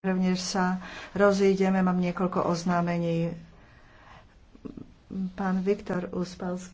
Rovnež sa rozídeme, mám niekoľko oznámení. Pán Viktor Uspalský.